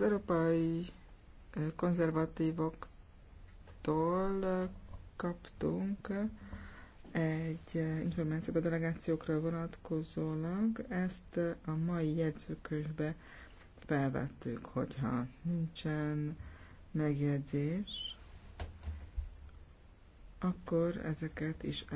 Az európai konzervatívoktól kaptunk egy információt a delegációkra vonatkozólag, ezt a mai jegyzőkönyvbe felvettük, hogyha nincsen megjegyzés, akkor ezeket is el